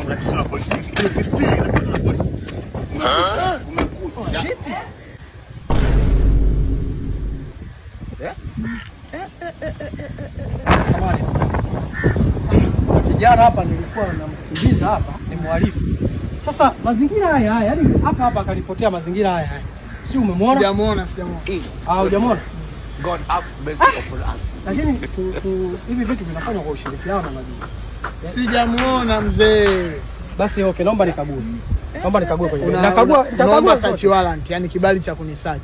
mwanangu, Kijana hapa nilikuwa namkimbiza hapa ni mhalifu. Sasa mazingira haya haya, yaani hapa hapa akalipotea mazingira haya haya. Sio umemwona? Sijamuona, sijamuona. Ah, hujamuona? God have mercy ah. upon us. Lakini hivi vitu vinafanya kwa ushirikiano na sijamuona mzee. Basi okay, naomba nikague, naomba nikague kwa hiyo. nakagua, nitakagua search warrant, yani kibali cha kunisearch.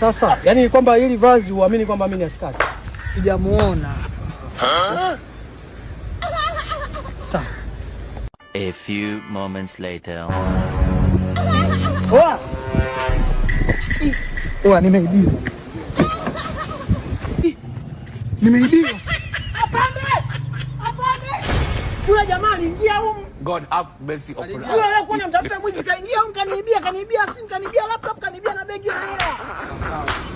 Sasa yani kwamba hili vazi uamini kwamba mimi ni askari, sijamuona. Sasa. A few moments later. Oa, nimeibiwa. Nimeibiwa. Afande! Afande! Yule jamaa aliingia huko. God have mercy upon us. Yule alikuwa anamtafuta mwizi kaingia huko kaniibia, kaniibia simu, kaniibia laptop, kaniibia na begi la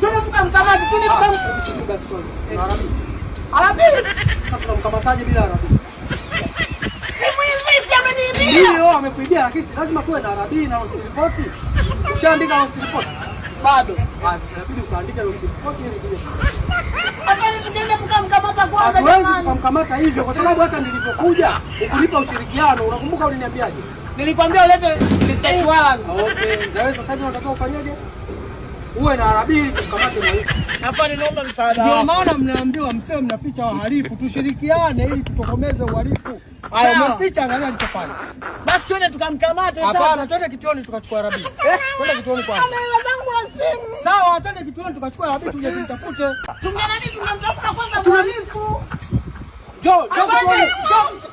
Sasa tukamkamata, tuni Arabi. Sasa tukamkamataje bila Arabi? Simu hizi si Ndio amekuibia lakini lazima tuwe na Arabi na host report. Ushaandika host report? bado hatuwezi tukamkamata hivyo, kwa sababu hata nilivyokuja ukulipa ushirikiano, unakumbuka uliniambiaje? Nilikwambia ulete research wangu. Okay, na wewe sasa hivi unataka ufanyeje? Uwe na arabili kumkamate mauti. Nafani naomba msaada. Ndio maana mnaambiwa msio mnaficha wahalifu, tushirikiane ili tutokomeze uhalifu. Haya, mnaficha, angalia alichofanya. Basi twende tukamkamate sasa. Hapana, twende kituoni tukachukua Rabi. Eh? eh, twende kituoni kwanza. wa simu. Sawa, twende kituoni tukachukua Rabi tuje tumtafute. nini tunamtafuta kwanza mhalifu. Jo, jo, jo.